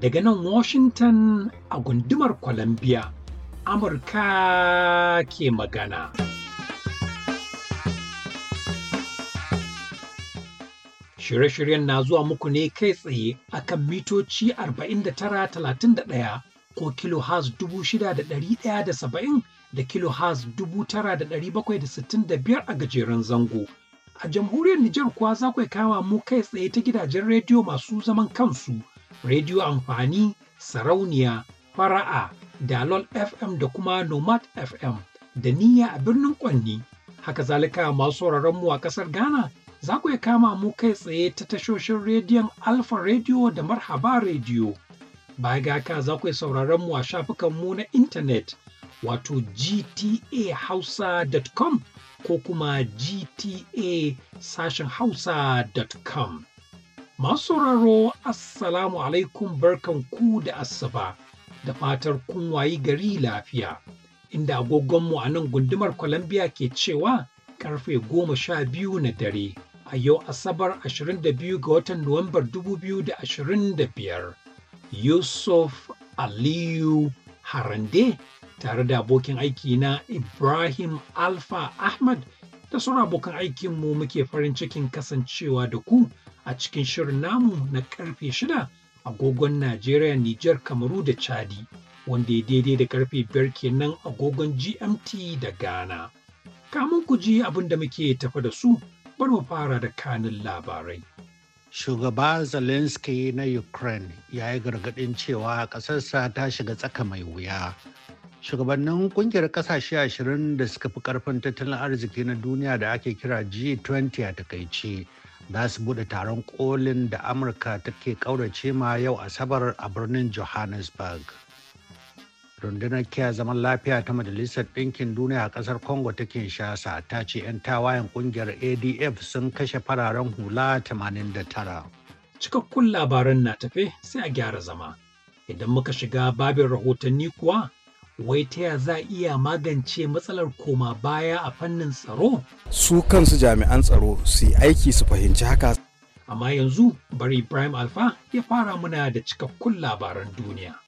Daga nan Washington a gundumar Columbia, Amurka ke magana. Shirye-shiryen na zuwa muku ne kai tsaye a kan mitoci 49, 31 ko kilo has 6,170 da dubu tara da da ɗari sittin da biyar a gajeren zango. A jamhuriyar Nijar kuwa za ku kama mu kai tsaye ta gidajen rediyo masu zaman kansu, rediyo amfani, sarauniya, fara'a, dalol FM da kuma nomad FM da niyya a birnin Kwanni. Haka zalika masu mu a ƙasar Ghana za ku kama mu kai tsaye ta tashoshin rediyon Alfa Radio da Marhaba Radio. Baya ga ka za ku mu a shafukanmu na intanet. wato gtahausa.com ko kuma gta sashen hausa.com. Masu sauraro Assalamu alaikum barkan ku da asaba, da fatar kun wayi gari lafiya, inda agogonmu a nan gundumar Columbia ke cewa karfe goma sha biyu na dare a yau Asabar 22 ga watan Nuwambar 2025. Yusuf Aliyu Harande tare da abokin aiki na Ibrahim Alfa Ahmad da sauran abokan aikinmu muke farin cikin kasancewa da ku a cikin shirin namu na karfe shida agogon Najeriya, Nijar, Kamaru da Chadi, wanda ya daidai da karfe biyar kenan agogon GMT da Ghana. Kamun ku ji abin da muke tafa da su, bari mu fara da kanin labarai. Shugaba Zelensky na Ukraine ya yi gargaɗin cewa ƙasarsa ta shiga tsaka mai wuya shugabannin kungiyar kasashe ashirin da suka fi karfin tattalin arziki na duniya da ake kira g20 a takaice za su bude taron kolin da amurka take kaurace ma yau asabar a birnin johannesburg rundunar kiyar zaman lafiya ta majalisar ɗinkin duniya a ƙasar congo ta kinshasa ta ce 'yan tawayen ƙungiyar adf sun kashe fararen hula 89 cikakkun labaran na tafe sai a gyara zama idan muka shiga babin rahotanni kuwa wai ta ya za iya magance matsalar koma baya a fannin tsaro? Su kansu jami'an tsaro su yi aiki su fahimci haka. Amma yanzu bari Ibrahim Alfa ya fara muna da cikakkun labaran duniya.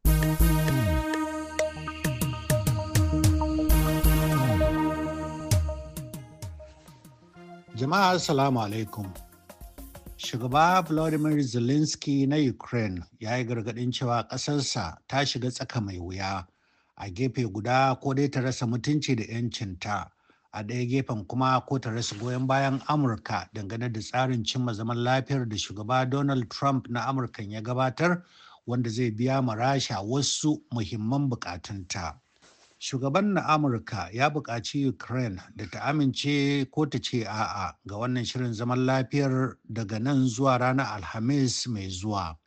Jama'a Assalamu alaikum. Shugaba Vladimir Zelensky na Ukraine ya yi gargaɗin cewa ƙasarsa ta shiga tsaka mai wuya. a gefe guda ko dai ta rasa mutunci da 'yancinta a ɗaya gefen kuma ko ta rasa goyon bayan amurka dangane da tsarin cimma zaman lafiyar da shugaba donald trump na amurkan ya gabatar wanda zai biya ma rasha wasu muhimman bukatunta shugaban na amurka ya buƙaci ukraine da ta amince ko ta ce a'a ga wannan shirin zaman lafiyar daga nan zuwa ranar alhamis mai zuwa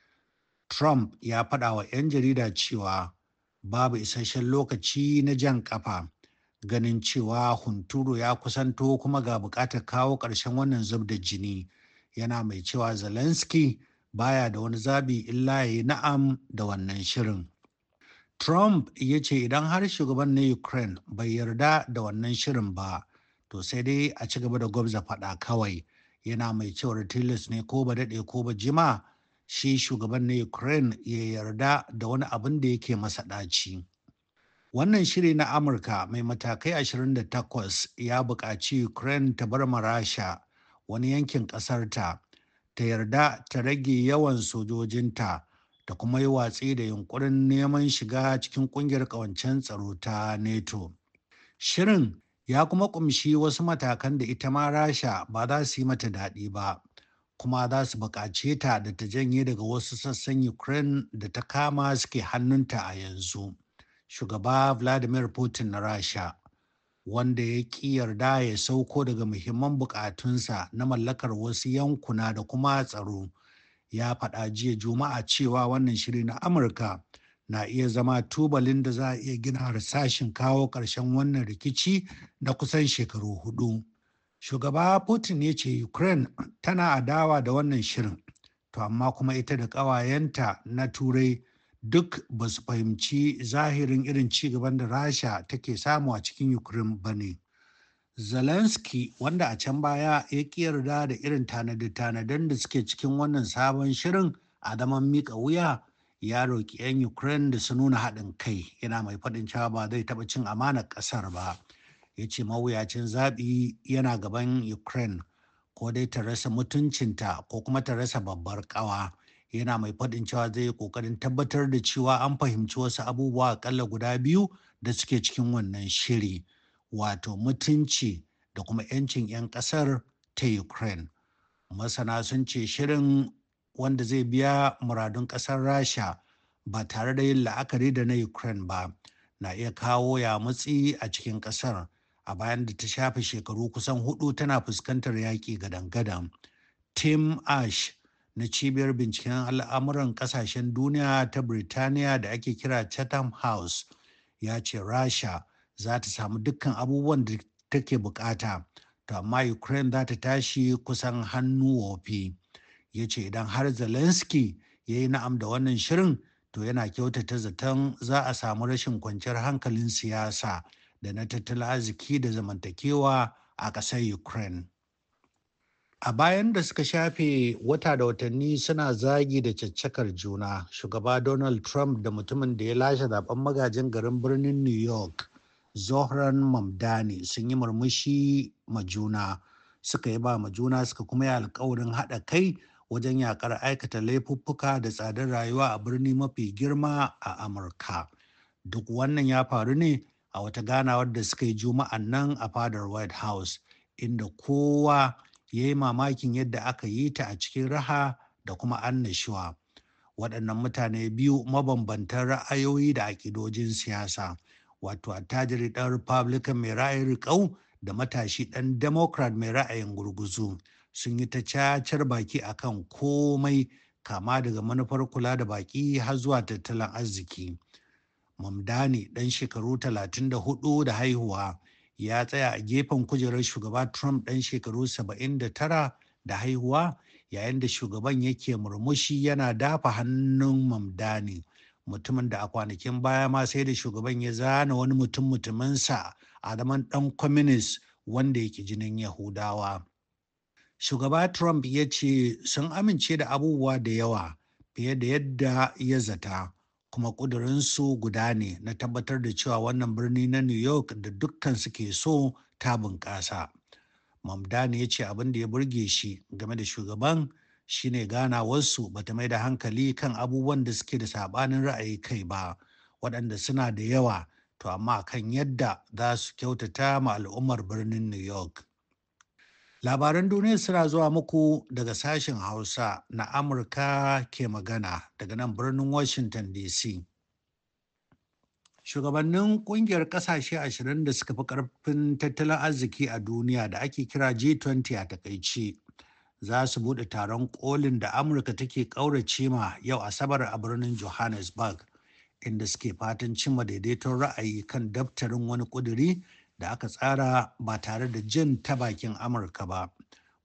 trump ya faɗa wa 'yan jarida cewa babu isasshen lokaci na jan kafa ganin cewa hunturu ya kusanto kuma ga bukatar kawo ƙarshen wannan zub da jini yana mai cewa zelensky baya da wani zabi illa ya yi na'am da wannan shirin trump ya ce idan har shugaban na ukraine bai yarda da wannan shirin ba to sai dai a ci gaba da gwabza faɗa kawai yana mai cewar tilis ne ko ba daɗe ko ba jima shi shugaban na Ukraine ya yarda da wani abin da yake masa ɗaci. Wannan shiri na Amurka mai matakai 28 ya buƙaci Ukraine ta bar marasha wani yankin ƙasarta ta yarda ta rage yawan sojojinta da kuma yi watsi da yunkurin neman shiga cikin ƙungiyar ƙawancen tsaro ta NATO. Shirin ya kuma ƙumshi wasu matakan da ita ma rasha ba za su yi mata daɗi ba. kuma za su buƙace ta da ta janye daga wasu sassan ukraine da ta kama suke hannunta a yanzu shugaba vladimir putin na rasha wanda ya ƙi yarda ya sauko daga muhimman buƙatunsa na mallakar wasu yankuna da kuma tsaro ya faɗa jiya juma'a cewa wannan shiri na amurka na iya zama tubalin da za a iya gina harsashin kawo ƙarshen wannan rikici na kusan shekaru hudu Shugaba Putin ya ce Ukraine tana adawa da wannan shirin, to amma kuma ita da ƙawayenta na Turai duk ba su fahimci zahirin irin ci gaban da Rasha take samu a cikin Ukraine ba ne. Zelensky wanda a can baya ya yarda da irin tanadi tanaden da suke cikin wannan sabon shirin a zaman mika wuya ya roƙi 'yan Ukraine da su nuna haɗin kai yana mai faɗin cewa ba zai taɓa cin amanar ƙasar ba. ya ce mawuyacin zabi yana gaban ukraine ko dai ta rasa mutuncinta ko kuma ta rasa babbar ƙawa yana mai faɗin cewa zai yi ƙoƙarin tabbatar da cewa an fahimci wasu abubuwa aƙalla guda biyu da suke cikin wannan shiri wato mutunci da kuma 'yancin 'yan ƙasar ta ukraine masana sun ce shirin wanda zai biya muradun ƙasar rasha ba tare da yin la'akari da na ukraine ba na iya kawo ya matsi a cikin ƙasar a bayan da ta shafe shekaru kusan hudu tana fuskantar yaƙi gadan-gadan. Tim Ash na cibiyar binciken al'amuran kasashen duniya ta Birtaniya da ake kira Chatham House ya ce Rasha za ta samu dukkan abubuwan da take bukata, to amma Ukraine za ta tashi kusan hannu wofi. Ya ce idan har Zelensky ya yi na'am da wannan shirin to yana kyautata zaton za a samu rashin kwanciyar hankalin siyasa da na tattalin arziki da zamantakewa a ƙasar Ukraine. A bayan da suka shafe wata da watanni suna zagi da caccakar juna, shugaba Donald Trump da mutumin da ya lashe zaben magajin garin birnin New York, Zohran Mamdani sun yi murmushi ma juna, suka yi ba ma juna suka kuma yi alkawarin haɗa kai wajen yakar aikata laifuffuka da tsadar rayuwa a birni mafi girma a Amurka. Duk wannan ya faru ne a wata ganawar da suka yi juma'an nan a fadar white house inda kowa ya yi mamakin yadda aka yi ta a cikin raha da kuma annashuwa waɗannan mutane biyu mabambantan ra'ayoyi da aƙidojin siyasa wato attajiri ɗan republican mai ra'ayin riƙau da matashi ɗan democrat mai ra'ayin gurguzu sun yi ta cacar baki akan komai kama daga manufar kula da baki har zuwa tattalin arziki Mamdani ɗan shekaru 34 da haihuwa ya tsaya a gefen kujerar shugaba Trump ɗan shekaru 79 da haihuwa yayin da shugaban yake murmushi yana dafa hannun Mamdani. Mutumin da a kwanakin baya ma sai da shugaban ya zana wani mutum mutuminsa a zaman ɗan communist wanda yake jinin Yahudawa. Shugaba Trump ya ce sun amince da abubuwa da yawa fiye da yadda ya zata. kuma ƙudurinsu guda ne na tabbatar da cewa wannan birni na new york da dukkan ke so ta bunƙasa mamdani ya ce abin da ya burge shi game da shugaban shine ganawarsu ba ta mai da hankali kan abubuwan da suke da saɓanin ra'ayi kai ba waɗanda suna da yawa to amma kan yadda za su kyautata ma al'ummar birnin new york Labaran duniya suna zuwa muku daga sashen Hausa na Amurka ke magana daga nan birnin Washington DC. Shugabannin kungiyar kasashe ashirin da suka fi karfin tattalin arziki a duniya da ake kira G20 a takaice za su buɗe taron kolin da Amurka take ƙaurace ma yau Asabar a birnin Johannesburg inda suke fatan cimma daidaiton ra'ayi kan daftarin wani ƙuduri da aka tsara ba tare da jin ta bakin amurka ba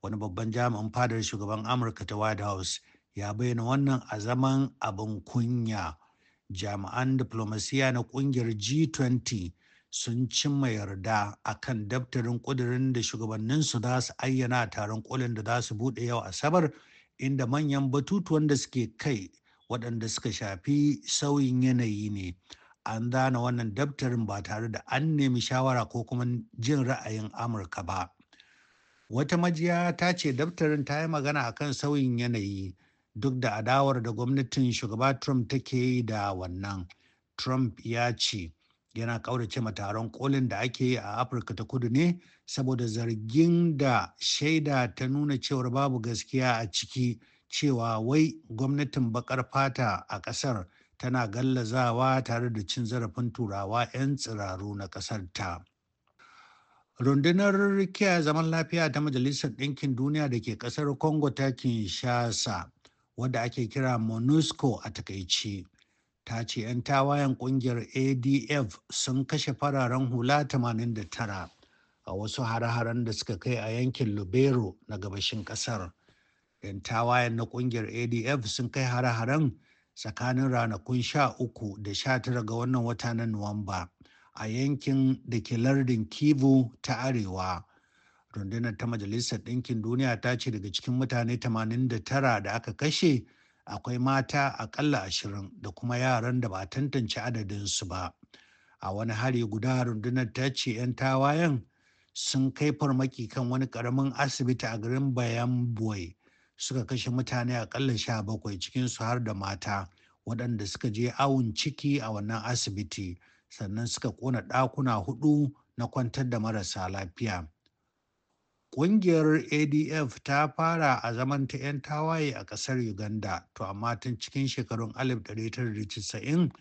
wani babban jami'in fadar shugaban amurka ta white house ya bayyana wannan a zaman abin kunya jami'an diplomasiya na kungiyar g20 sun cimma yarda a kan daftarin kudirin da shugabanninsu za su ayyana a taron kolin da za su bude yau asabar inda manyan batutuwan da suke kai waɗanda suka shafi sauyin yanayi ne. an zana wannan daftarin ba tare da an nemi shawara ko kuma jin ra'ayin amurka ba wata majiya ta ce daftarin ta yi magana a kan sauyin yanayi duk da adawar da gwamnatin shugaba trump take yi da wannan trump ya ce yana kaurace ma taron kolin da ake yi a afirka ta kudu ne saboda zargin da shaida ta nuna cewar babu gaskiya a ciki cewa wai gwamnatin baƙar fata a ƙasar. tana gallazawa tare da cin zarafin turawa 'yan tsiraru na ƙasar ta. Rundunar kiyaye zaman lafiya ta Majalisar Ɗinkin Duniya da ke ƙasar Congo ta Kinshasa, wadda ake kira MONUSCO a takaici, ta ce 'yan tawayen ƙungiyar ADF sun kashe fararen hula 89 a wasu hare-haren da suka kai a yankin Lubero na gabashin ƙasar. 'Yan tawayen na ƙungiyar ADF sun kai hare-haren tsakanin ranakun sha uku da sha tara ga wannan wata na Nuwamba a yankin da ke lardin Kivu ta Arewa. Rundunar ta Majalisar Ɗinkin Duniya ta ce daga cikin mutane 89 da aka kashe akwai mata akalla ashirin da kuma yaran da ba tantance adadinsu ba. A wani hari guda rundunar ta ce 'yan tawayen sun kai farmaki kan wani ƙaramin asibiti a garin Bayambwe suka kashe mutane akalla sha bakwai cikinsu har da mata waɗanda suka je awon ciki a wannan asibiti sannan suka ƙona ɗakuna hudu na kwantar da marasa lafiya. Ƙungiyar ADF ta fara a zaman ta 'yan tawaye a ƙasar Uganda, to amma tun cikin shekarun 1990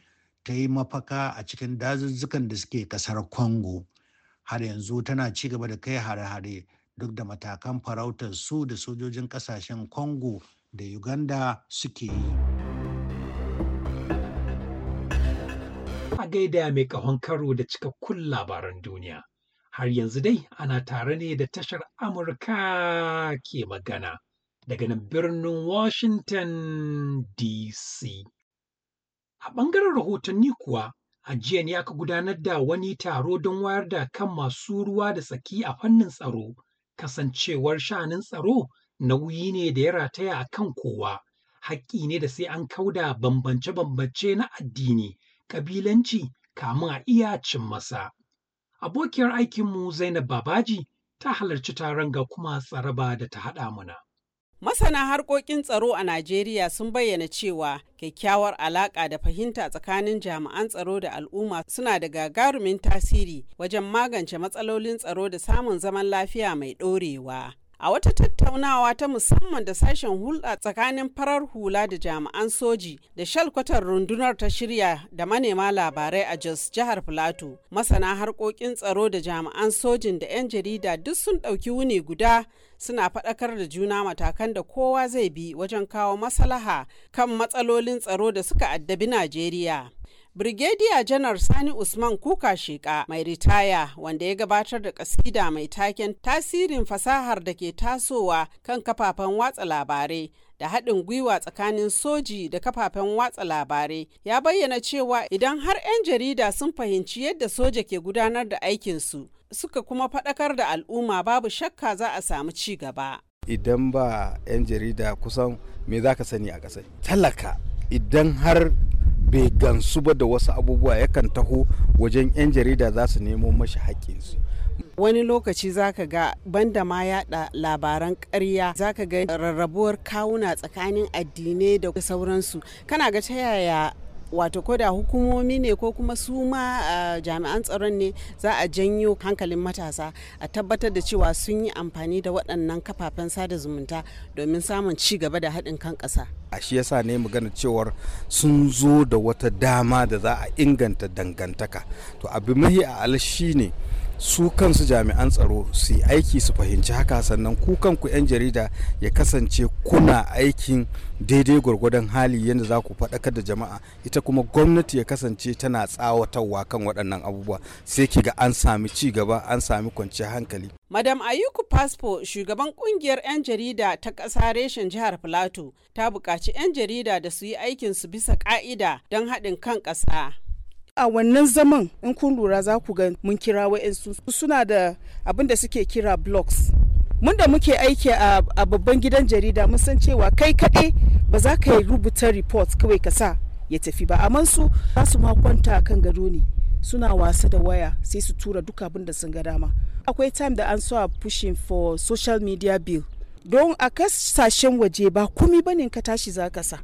ta yi mafaka a cikin dazuzzukan da suke ƙasar Congo. Har yanzu tana ci gaba da kai hare-hare duk da matakan farautar su da sojojin kasashen congo da uganda suke yi a gaida mai kahon karo da cikakkun labaran duniya har yanzu dai ana tare ne da tashar amurka ke magana daga nan birnin washington dc a ɓangaren rahotanni kuwa a jiya ne aka gudanar da wani taro don wayar da kan masu ruwa da tsaki a fannin tsaro kasancewar sha'anin tsaro nauyi ne da ya rataya a kan kowa, haƙƙi ne da sai an kauda bambance-bambance na addini, ƙabilanci kamun a iya cin masa. Abokiyar aikinmu Zainab Babaji ta halarci taron ga kuma tsaraba da ta haɗa muna. Masana harkokin tsaro a Najeriya sun bayyana cewa kyakkyawar alaƙa da fahimta tsakanin jami'an tsaro da al'umma suna da gagarumin tasiri wajen magance matsalolin tsaro da samun zaman lafiya mai ɗorewa. A wata tattaunawa ta musamman da sashen hulɗa tsakanin farar hula da jami'an soji da shalkwatar rundunar ta shirya da manema labarai a Jos jihar Filato, masana harkokin tsaro da jami'an sojin da 'yan jarida duk sun ɗauki wuni guda suna faɗakar da juna matakan da kowa zai bi wajen kawo masalaha kan matsalolin tsaro da suka addabi Najeriya. Brigadier Janar Sani Usman Kuka Sheka mai ritaya wanda ya gabatar da kasida mai taken tasirin fasahar da ke tasowa kan kafafen watsa labarai da haɗin gwiwa tsakanin soji da kafafen watsa labarai ya bayyana cewa idan har 'yan jarida sun fahimci yadda soja ke gudanar da aikinsu suka kuma faɗakar da al'umma babu shakka za a samu ci gaba. Idan ba 'yan jarida kusan me za ka sani a ƙasai? Talaka idan har bai gansu ba da wasu abubuwa yakan taho wajen 'yan jarida za su nemo mashi haƙƙinsu wani lokaci zaka ga banda ma yada labaran karya zaka ga rarrabuwar kawuna tsakanin addinai da sauransu kana ga ta yaya wato ko da hukumomi ne ko kuma su ma jami'an tsaron ne za a janyo hankalin matasa a tabbatar da cewa sun yi amfani da waɗannan kafafen sada zumunta domin samun ci gaba da haɗin kan ƙasa. a shi yasa ne magana cewar sun zo da wata dama da za a inganta dangantaka to abu mahi a shi ne su kansu jami'an tsaro su yi aiki su fahimci haka sannan ku kanku 'yan jarida ya kasance kuna aikin daidai gwargwadon hali yadda za ku faɗakar da jama'a ita kuma gwamnati ya kasance tana tsawatarwa kan waɗannan abubuwa sai ki ga an sami ci gaba an sami kwanciyar hankali madam ayuku fasfo shugaban kungiyar 'yan jarida ta ƙasa reshen jihar filato ta buƙaci 'yan jarida da su yi aikinsu bisa ƙa'ida don haɗin kan ƙasa a wannan zaman in kun lura za ku ga mun kira wa'yansu suna da abin da suke kira blogs mun da muke aiki a, babban gidan jarida mun san cewa kai kaɗai ba za ka yi rubuta report kawai ka sa ya tafi ba amma su za su ma kwanta kan gado ne suna wasa da waya sai su tura duk abin da sun ga dama akwai time da an so a pushing for social media bill don a kasashen waje ba komi bane ka tashi za ka sa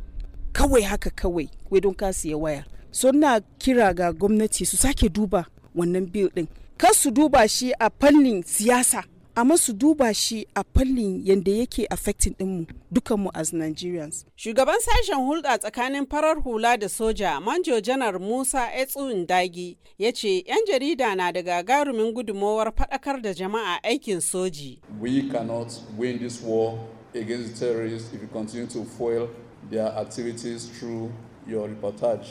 kawai haka kawai wai don ka siya waya so na kira ga gwamnati su sake duba wannan bil din kar su duba shi a fannin siyasa amma su duba shi a fannin yadda yake affecting dinmu dukanmu as Nigerians. Shugaban sashen hulɗa tsakanin farar hula da soja Manjo Janar Musa Etsun Dagi ya ce 'yan jarida na da gagarumin gudumowar fadakar da jama'a aikin soji. We cannot win this war against terrorists if you continue to foil their activities through your reportage.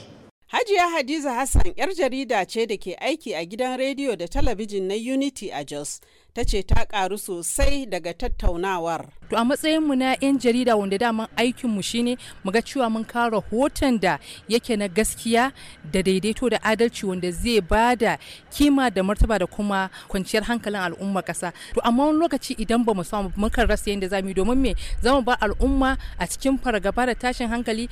Hajiya Hadiza Hassan 'yar jarida ce da ke aiki a gidan rediyo da talabijin na Unity a Jos ta ce ta karu sosai daga tattaunawar. To a matsayinmu na 'yan jarida wanda daman aikinmu shine mu ga cewa mun kawo rahoton da yake na gaskiya da daidaito da adalci wanda zai ba da kima da martaba da kuma kwanciyar hankalin al'umma kasa. To amma wani lokaci idan ba mu samu mukan rasa yadda za mu yi domin me zama ba al'umma a cikin fargaba da tashin hankali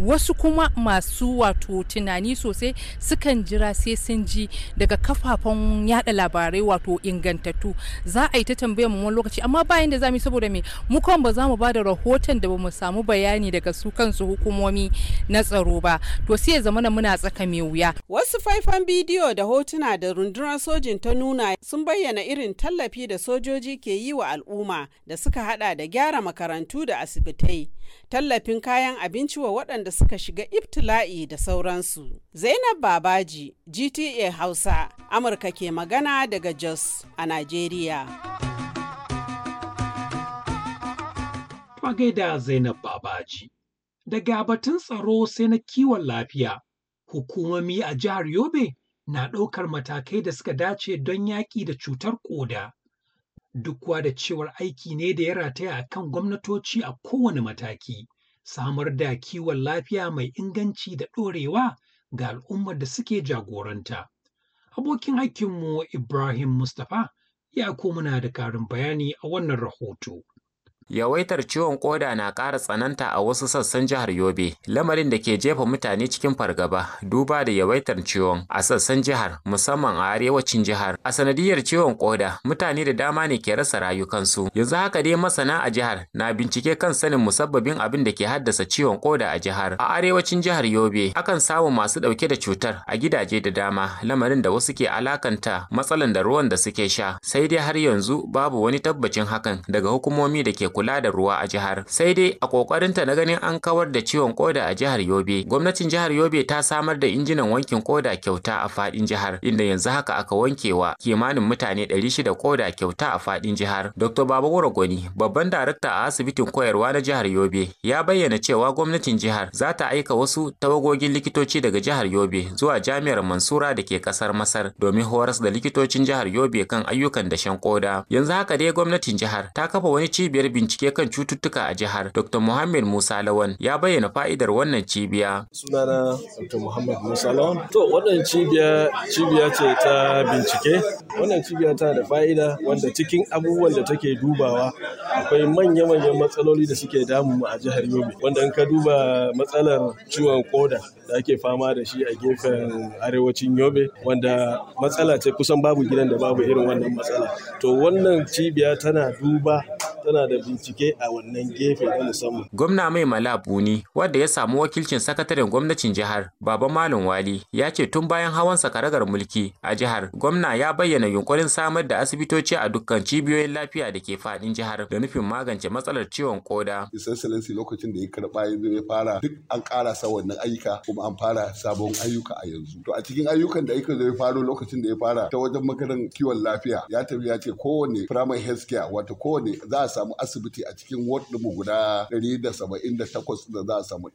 wasu kuma masu wato tunani sosai sukan jira sai sun ji daga kafafen yada labarai wato ingantattu za a yi ta tambayar mu wani lokaci amma bayan da zamu saboda me mu kan ba za mu ba da rahoton da bamu samu bayani daga su kansu hukumomi na tsaro ba to sai ya zama muna tsaka mai wuya wasu faifan bidiyo da hotuna da rundunar sojin ta nuna sun bayyana irin tallafi da sojoji ke yi wa al'umma da suka hada da gyara makarantu da asibitai tallafin kayan abinci wa waɗanda suka shiga ibtila'i da sauransu. Zainab Babaji, GTA Hausa, Amurka ke magana daga Jos a Najeriya. Magaida Zainab Babaji, daga batun tsaro sai na kiwon lafiya, hukumomi a jihar Yobe na ɗaukar matakai da suka dace don yaƙi da cutar ƙoda. duk da cewar aiki ne da ya rataya a kan gwamnatoci a kowane mataki samar da kiwon lafiya mai inganci da ɗorewa ga al'ummar da suke jagoranta. Abokin aikinmu Ibrahim Mustapha ya komuna da karin bayani a wannan rahoto. yawaitar ciwon koda na ƙara tsananta a wasu sassan jihar yobe lamarin da ke jefa mutane cikin fargaba duba da yawaitar ciwon a sassan jihar musamman a arewacin jihar a sanadiyar ciwon koda mutane da dama ne ke rasa rayukansu yanzu haka dai masana a jihar na bincike kan sanin musabbabin abin da ke haddasa ciwon koda a jihar a arewacin jihar yobe akan samu masu ɗauke da cutar a gidaje da dama lamarin da wasu ke alakanta matsalan da ruwan da suke sha sai dai har yanzu babu wani tabbacin hakan daga hukumomi da ke kula kula da ruwa a jihar sai dai a kokarinta na ganin an kawar da ciwon koda a jihar yobe gwamnatin jihar yobe ta samar da injinan wankin koda kyauta a fadin jihar inda yanzu haka aka wankewa kimanin mutane 600 koda kyauta a fadin jihar dr babagoro goni babban darakta a asibitin koyarwa na jihar yobe ya bayyana cewa gwamnatin jihar za ta aika wasu tawagogin likitoci daga jihar yobe zuwa jami'ar mansura da ke kasar masar domin horas da likitocin jihar yobe kan ayyukan dashen koda yanzu haka dai gwamnatin jihar ta kafa wani cibiyar bincike kan cututtuka a jihar dr muhammad musa lawan ya bayyana fa'idar wannan cibiya sunana dr muhammad musa lawan to wannan cibiya cibiya ce ta bincike wannan cibiya ta da fa'ida wanda cikin abubuwan da take dubawa akwai manya-manyan matsaloli da suke damu a jihar yobe wanda in ka duba matsalar ciwon koda da ake fama da shi a gefen arewacin yobe wanda matsala ce kusan babu gidan da babu irin wannan matsala to wannan cibiya tana duba tana da bincike a wannan gefe na musamman. Gwamna mai malabuni wanda ya samu wakilcin sakataren gwamnatin jihar Baba Malam Wali ya ce tun bayan hawan sakaragar mulki a jihar gwamna ya bayyana yunkurin samar da asibitoci a dukkan cibiyoyin lafiya da ke fadin jihar da nufin magance matsalar ciwon koda. Excellency lokacin da ya karba ya fara duk an karasa wannan ayyuka kuma an fara sabon ayyuka a yanzu to a cikin ayyukan da aka zo ya faro lokacin da ya fara ta wajen makaran kiwon lafiya ya tafi ya ce kowane primary health care wato kowane za a samu asibiti a cikin ward mu guda 178 da za a samu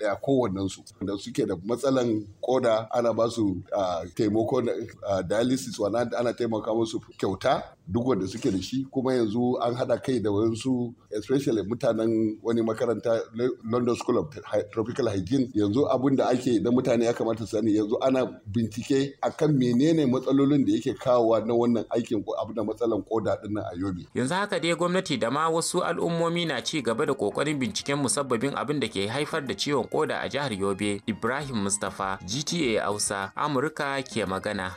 daya kowannen su da suke da matsalan koda ana ba su ah, taimako ah, dialysis ana taimaka musu kyauta duk wanda suke da shi kuma yanzu an haɗa kai da wasu, especially mutanen wani makaranta London School of Tropical Hygiene yanzu abin da ake da mutane ya kamata sani yanzu ana bincike akan menene matsalolin da yake kawowa na wannan aikin ko abin da matsalan koda din nan a Yobe. Yanzu haka dai gwamnati da ma wasu al'ummomi na ci gaba da kokarin binciken musabbabin abin da ke haifar da ciwon koda a jihar Yobe. Ibrahim Mustapha, GTA Hausa, Amurka ke magana.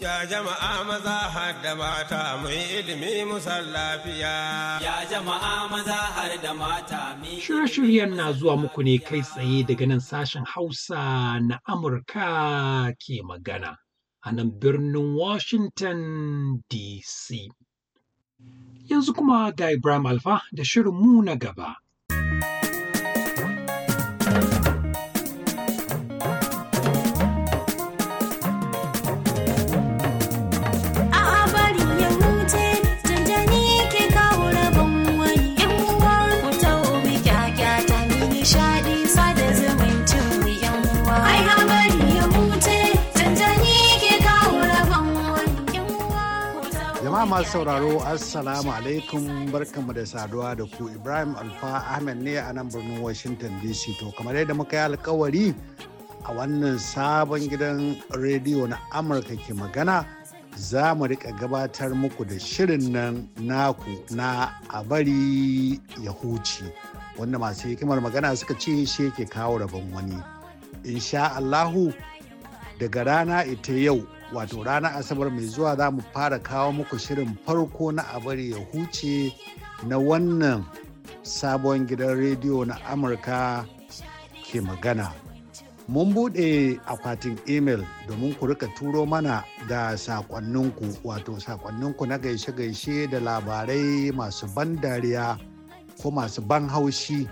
Ya jama'a maza har da mata mu ilimi musan lafiya. Ya jama'a maza har da mata mu Shirye-shiryen na zuwa muku ne kai tsaye daga nan sashen Hausa na Amurka ke magana a nan birnin Washington DC. Yanzu kuma ga Ibrahim Alfa da shirin mu na gaba. Jama'a masu sauraro Assalamu alaikum barkanmu da saduwa da ku Ibrahim Alfa Ahmed ne a nan birnin Washington DC to kamar yadda muka yi alkawari a wannan sabon gidan rediyo na Amurka ke magana za mu rika gabatar muku da shirin nan naku na a bari ya huci wanda masu hikimar magana suka ce shi ke kawo rabon wani. Insha Allahu daga rana ita yau wato ranar asabar mai zuwa za mu fara kawo muku shirin farko na abari ya huce na wannan sabon gidan rediyo na amurka ke magana mun buɗe akwatin email domin ku rika turo mana da sakonninku wato sakonninku na gaishe-gaishe da labarai masu ban dariya ko masu ban haushi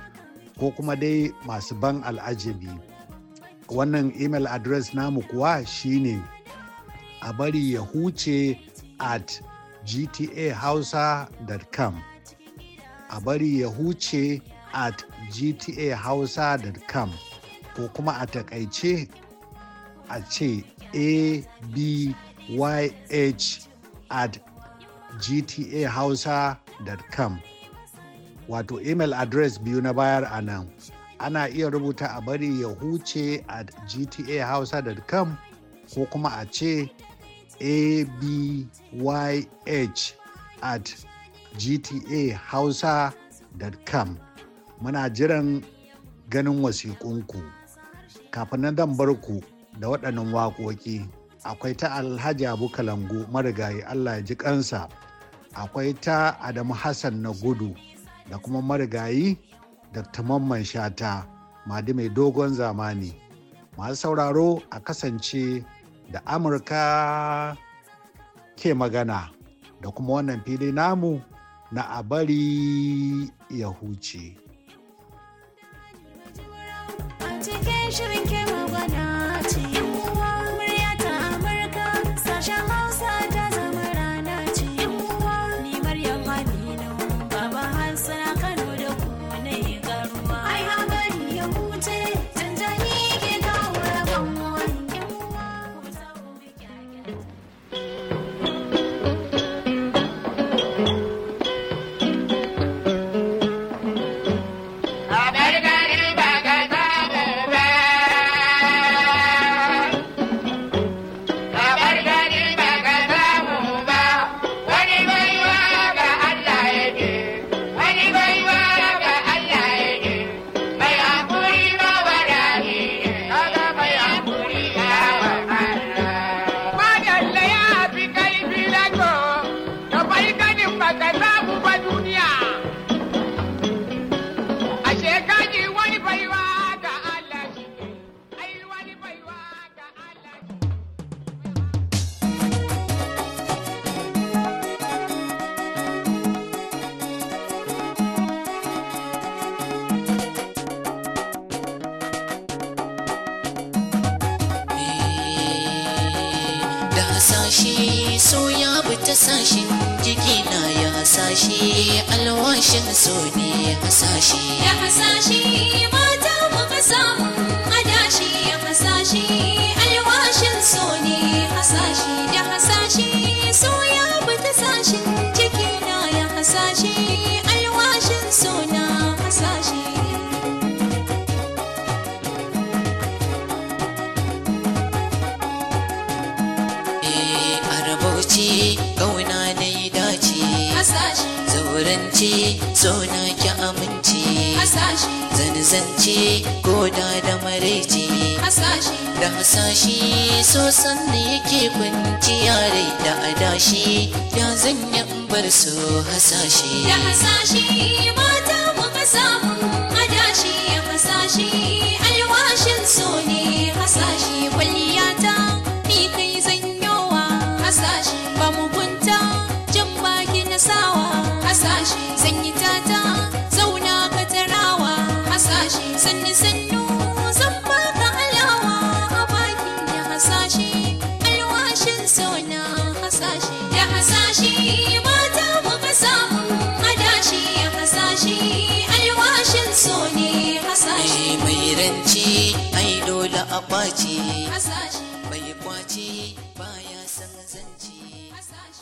ko kuma dai masu ban al'ajabi wannan imel adres namu kuwa shine a bari ya huce at gtahausa.com a bari ya huce at gtahausa.com ko kuma a takaice a ce abyh at gtahausa.com wato email address biyu na bayar a nan ana iya rubuta a bari ya huce at gtahausa.com ko kuma a ce abyh at gtahausa.com muna jiran ganin wasiƙunku kafin na zan bar ku da waɗannan waƙoƙi akwai ta alhaji abu kalangu marigayi allah ya ji kansa akwai ta adamu hassan na gudu da kuma marigayi dr mamman shata madi mai dogon zamani masu sauraro a kasance da amurka ke magana da kuma wannan fili namu na abari ya huce. shirin ke magana zance so na ki amince zan zanci ko da da maraice da hasashi so san da yake kwanci rai da adashi ya zan yi bar so hasashi. da hasashi mata muka samu adashi hasashi alwashin so ne hasashi. hasashe sanyi tata zauna ka tarawa hasashe sannu sannu zan baka alawa a bakin da hasashe alwashin sauna hasashe da hasashe mata muka samu adashi ya hasashe alwashin so ne hasashe mai ranci ai dole a kwace hasashe bai kwace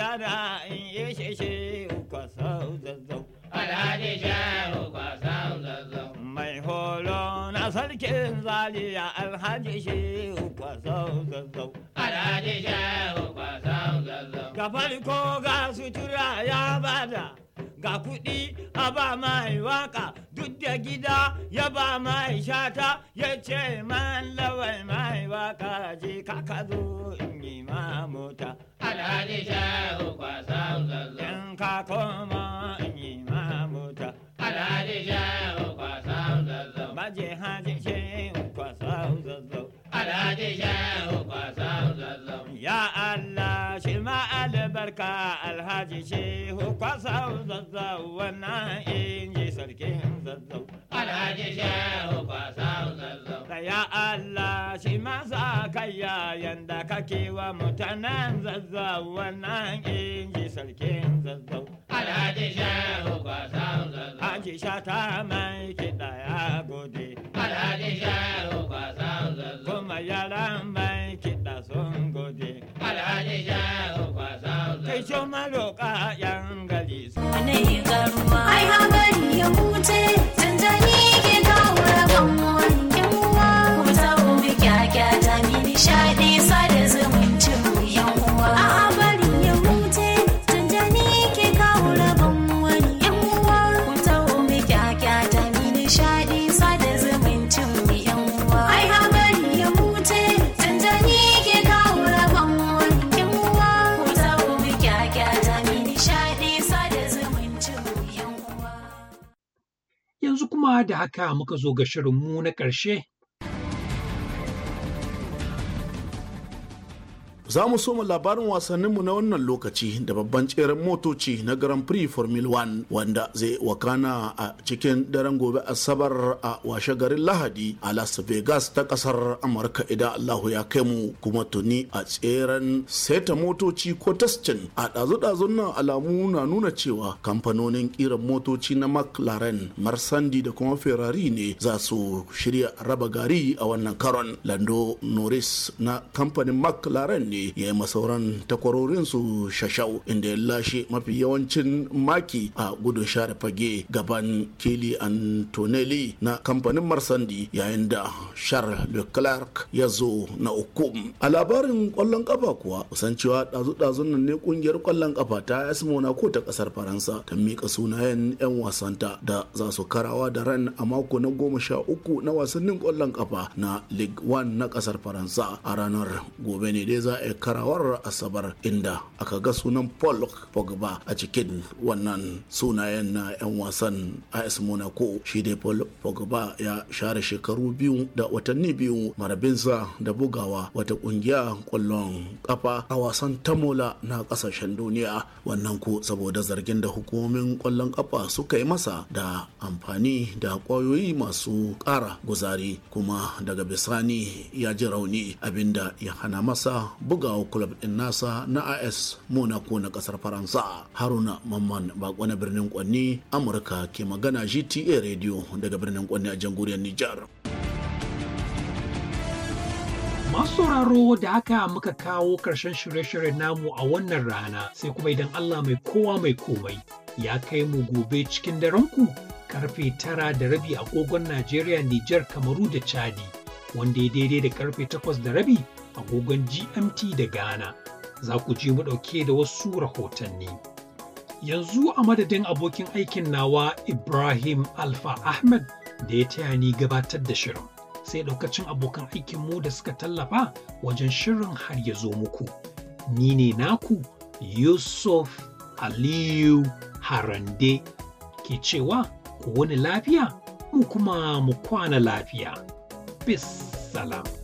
jara in yi sheshe sau zazzau. Alhaji shehu sau zazzau. Mai holo na sarkin zaliya alhaji shehu sau zazzau. Alhaji shehu sau zazzau. Ga farko ga sutura ya bada. Ga kuɗi a ba mai waka duk da gida ya ba mai shata ya ce man lawal mai waka je ka zo in yi ma mota alhaji shahu kwasa zazzo in ka koma in yi ma mota alhaji shahu kwasa zazzau maje hajin shehu kwasa zazzo alhaji shahu ka alhaji shehu zau zazzau wannan inji sarkin zazzau. Alhaji shehu kwasau zazzau. Da ya Allah shi masa kayya yanda kake wa mutanen zazzau wannan inji sarkin zazzau. Alhaji shehu kwasau zazzau. Haji sha ta mai kiɗa ya gode. Alhaji shehu kwasau zazzau. Kuma yaran mai sun gode. Alhaji Jalu Kwasau. Kai jo maloka yan gari. A nan yi garuwa. Ai ha gari ya huce, canjani ke kawo rabon da haka muka zo ga shirinmu na ƙarshe Za mu soma labarin wasanninmu na wannan lokaci da babban tseren motoci na Grand Prix Formula 1 wanda zai wakana a cikin daren gobe Asabar a washe garin Lahadi a Las Vegas ta kasar Amurka idan Allahu ya kai mu kuma tuni a tseren seta motoci ko tascin a ɗazu dazun nan alamu na nuna cewa kamfanonin kiran motoci na McLaren, Marsandi da kuma Ferrari ne za su shirya raba gari a wannan karon. Lando Norris na kamfanin McLaren ne ya yi masauran takwarorin su shashau inda ya lashe mafi yawancin maki a gudun share fage gaban kili antonelli na kamfanin marsandi yayin da charles leclerc ya zo na uku a labarin kwallon kafa kuwa kusan cewa dazu-dazun nan ne kungiyar kwallon kafa ta as ko ta kasar faransa ta mika sunayen 'yan wasanta da za su karawa da ran a mako na goma sha uku na wasannin kwallon kafa na league one na kasar faransa a ranar gobe ne dai za a karawar asabar inda aka ga sunan paul pogba a cikin wannan sunayen na 'yan wasan as monaco shi dai paul pogba ya share shekaru biyu da watanni biyu marabinsa da bugawa wata kungiya kwallon kafa a wasan tamola na kasashen duniya wannan ko saboda zargin da hukumomin kwallon kafa suka yi masa da amfani da kwayoyi masu kara guzari kuma daga bisani ya ji rauni abinda ya hana masa bu bugawa club din nasa na AS Monaco na kasar Faransa. Haruna Mamman bako na birnin Kwanni, Amurka ke magana GTA Radio daga birnin Kwanni a jamhuriyar Nijar. Masu sauraro da aka muka kawo karshen shirye-shiryen namu a wannan rana sai kuma idan Allah mai kowa mai komai ya kai mu gobe cikin darenku karfe tara da rabi a agogon Najeriya, Nijar, Kamaru da Chadi wanda ya daidai da karfe takwas da rabi agogon GMT da Ghana za ku ji mu ɗauke da wasu rahotanni. Yanzu a madadin abokin aikin nawa Ibrahim Alfa Ahmed da ya taya ni gabatar da shirin. Sai ɗaukacin abokan aikinmu da suka tallafa wajen shirin har ya zo muku. Ni ne naku Yusuf Aliyu Harande ke cewa ku wani lafiya mu kuma mu kwana lafiya. Peace, salam.